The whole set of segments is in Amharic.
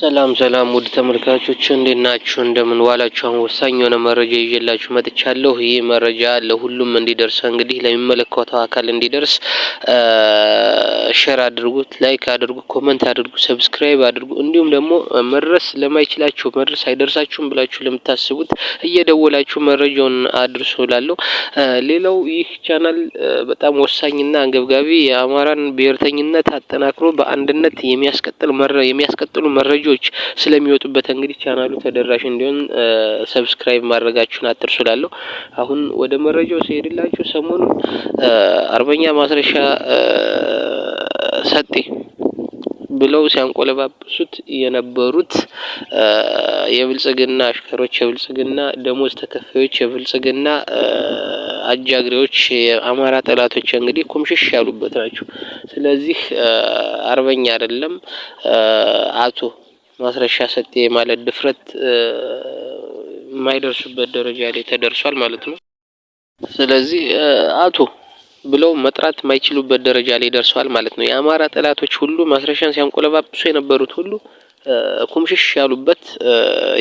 ሰላም ሰላም ውድ ተመልካቾች እንዴት ናችሁ? እንደምን ዋላችሁ? ወሳኝ የሆነ መረጃ ይዤላችሁ መጥቻለሁ። ይህ መረጃ ለሁሉም እንዲደርስ እንግዲህ ለሚመለከተው አካል እንዲደርስ ሼር አድርጉት፣ ላይክ አድርጉ፣ ኮመንት አድርጉ፣ ሰብስክራይብ አድርጉ። እንዲሁም ደግሞ መድረስ ለማይችላችሁ መድረስ አይደርሳችሁም ብላችሁ ለምታስቡት እየደወላችሁ መረጃውን አድርሱ ሌላው ይህ ቻናል በጣም ወሳኝና አንገብጋቢ የአማራን ብሔርተኝነት አጠናክሮ በአንድነት የሚያስቀጥል የሚያስቀጥሉ መረጃ ልጆች ስለሚወጡበት እንግዲህ ቻናሉ ተደራሽ እንዲሆን ሰብስክራይብ ማድረጋችሁን አትርሱላለሁ። አሁን ወደ መረጃው ሲሄድላችሁ ሰሞኑን አርበኛ ማስረሻ ሰጤ ብለው ሲያንቆለባብሱት የነበሩት የብልጽግና አሽከሮች፣ የብልጽግና ደሞዝ ተከፋዮች፣ የብልጽግና አጃግሬዎች፣ የአማራ ጠላቶች እንግዲህ ኩምሽሽ ያሉበት ናቸው። ስለዚህ አርበኛ አይደለም አቶ ማስረሻ ሰጤ ማለት ድፍረት የማይደርሱበት ደረጃ ላይ ተደርሷል ማለት ነው። ስለዚህ አቶ ብለው መጥራት የማይችሉበት ደረጃ ላይ ደርሰዋል ማለት ነው። የአማራ ጠላቶች ሁሉ ማስረሻን ሲያንቆለባብሱ የነበሩት ሁሉ ኩምሽሽ ያሉበት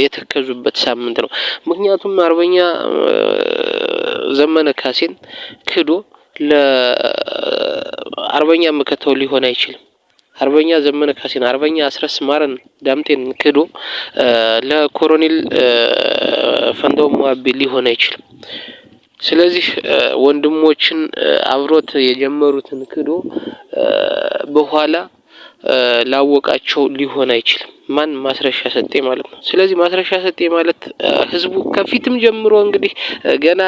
የተከዙበት ሳምንት ነው። ምክንያቱም አርበኛ ዘመነ ካሴን ክዶ ለአርበኛ ምከተው ሊሆን አይችልም። አርበኛ ዘመነ ካሴን፣ አርበኛ አስረስ ማረን ዳምጤን ክዶ ለኮሎኔል ፈንታው ሙአቢ ሊሆን አይችልም። ስለዚህ ወንድሞችን አብሮት የጀመሩትን ክዶ በኋላ ላወቃቸው ሊሆን አይችልም። ማን ማስረሻ ሰጤ ማለት ነው። ስለዚህ ማስረሻ ሰጤ ማለት ህዝቡ ከፊትም ጀምሮ እንግዲህ ገና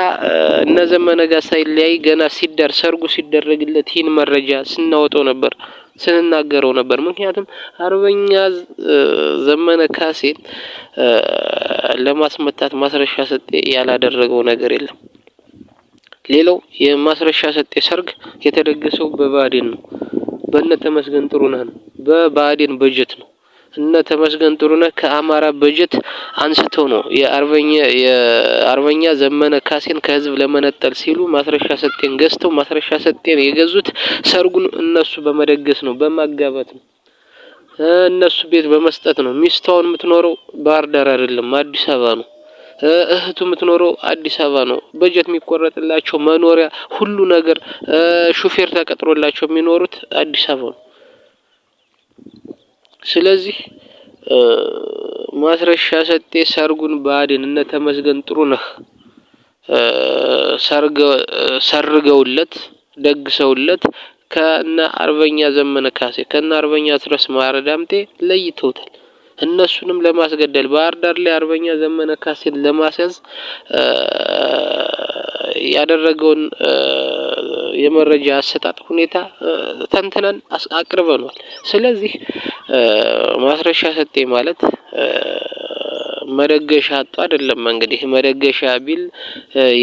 እነ ዘመነ ጋር ሳይለያይ ገና ሲዳር ሰርጉ ሲደረግለት ይህን መረጃ ስናወጣው ነበር። ስንናገረው ነበር። ምክንያቱም አርበኛ ዘመነ ካሴን ለማስመታት ማስረሻ ሰጤ ያላደረገው ነገር የለም። ሌላው የማስረሻ ሰጤ ሰርግ የተደገሰው በባዴን ነው። በነ ተመስገን ጥሩነህ ነው። በባዴን በጀት ነው። እነ ተመስገን ጥሩነህ ከአማራ በጀት አንስተው ነው የአርበኛ የአርበኛ ዘመነ ካሴን ከህዝብ ለመነጠል ሲሉ ማስረሻ ሰጤን ገዝተው ማስረሻ ሰጤን የገዙት ሰርጉን እነሱ በመደገስ ነው፣ በማጋባት ነው፣ እነሱ ቤት በመስጠት ነው። ሚስታውን የምትኖረው ባህር ዳር አይደለም አዲስ አበባ ነው። እህቱ የምትኖረው አዲስ አበባ ነው። በጀት የሚቆረጥላቸው መኖሪያ፣ ሁሉ ነገር ሹፌር ተቀጥሮላቸው የሚኖሩት አዲስ አበባ ነው። ስለዚህ ማስረሻ ሰጤ ሰርጉን ባድን እነ ተመስገን ጥሩነህ ሰርገውለት ደግሰውለት ከነ አርበኛ ዘመነ ካሴ ከነ አርበኛ ትረስ ማረዳምጤ ለይተውታል። እነሱንም ለማስገደል ባህር ዳር ላይ አርበኛ ዘመነ ካሴን ለማስያዝ ያደረገውን የመረጃ አሰጣጥ ሁኔታ ተንትነን አቅርበኗል። ስለዚህ ማስረሻ ሰጤ ማለት መደገሻ አጡ አይደለም። እንግዲህ መደገሻ ቢል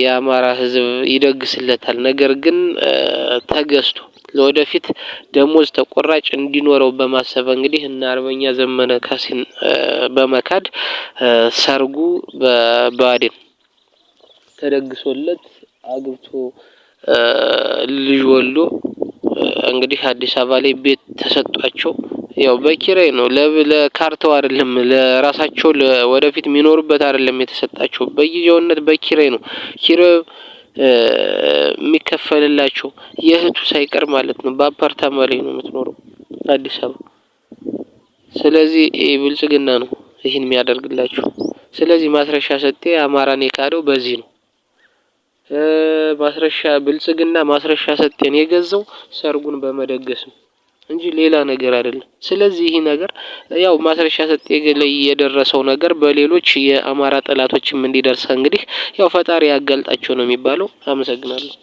የአማራ ሕዝብ ይደግስለታል። ነገር ግን ተገዝቶ ለወደፊት ደሞዝ ተቆራጭ እንዲኖረው በማሰብ እንግዲህ እና አርበኛ ዘመነ ካሴን በመካድ ሰርጉ በባዴን ተደግሶለት አግብቶ ልጅ ወልዶ እንግዲህ አዲስ አበባ ላይ ቤት ተሰጧቸው። ያው በኪራይ ነው ለካርተው አይደለም ለራሳቸው ወደፊት የሚኖሩበት አይደለም የተሰጣቸው በጊዜውነት በኪራይ ነው። ኪራይ የሚከፈልላቸው የእህቱ ሳይቀር ማለት ነው። በአፓርታማ ላይ ነው የምትኖረው አዲስ አበባ። ስለዚህ ብልጽግና ነው ይህን የሚያደርግላቸው። ስለዚህ ማስረሻ ሰጤ አማራን የካደው በዚህ ነው። ማስረሻ ብልጽግና ማስረሻ ሰጤን የገዛው ሰርጉን በመደገስ ነው እንጂ ሌላ ነገር አይደለም። ስለዚህ ይህ ነገር ያው ማስረሻ ሰጤ ላይ የደረሰው ነገር በሌሎች የአማራ ጠላቶችም እንዲደርስ እንግዲህ ያው ፈጣሪ ያጋልጣቸው ነው የሚባለው። አመሰግናለሁ።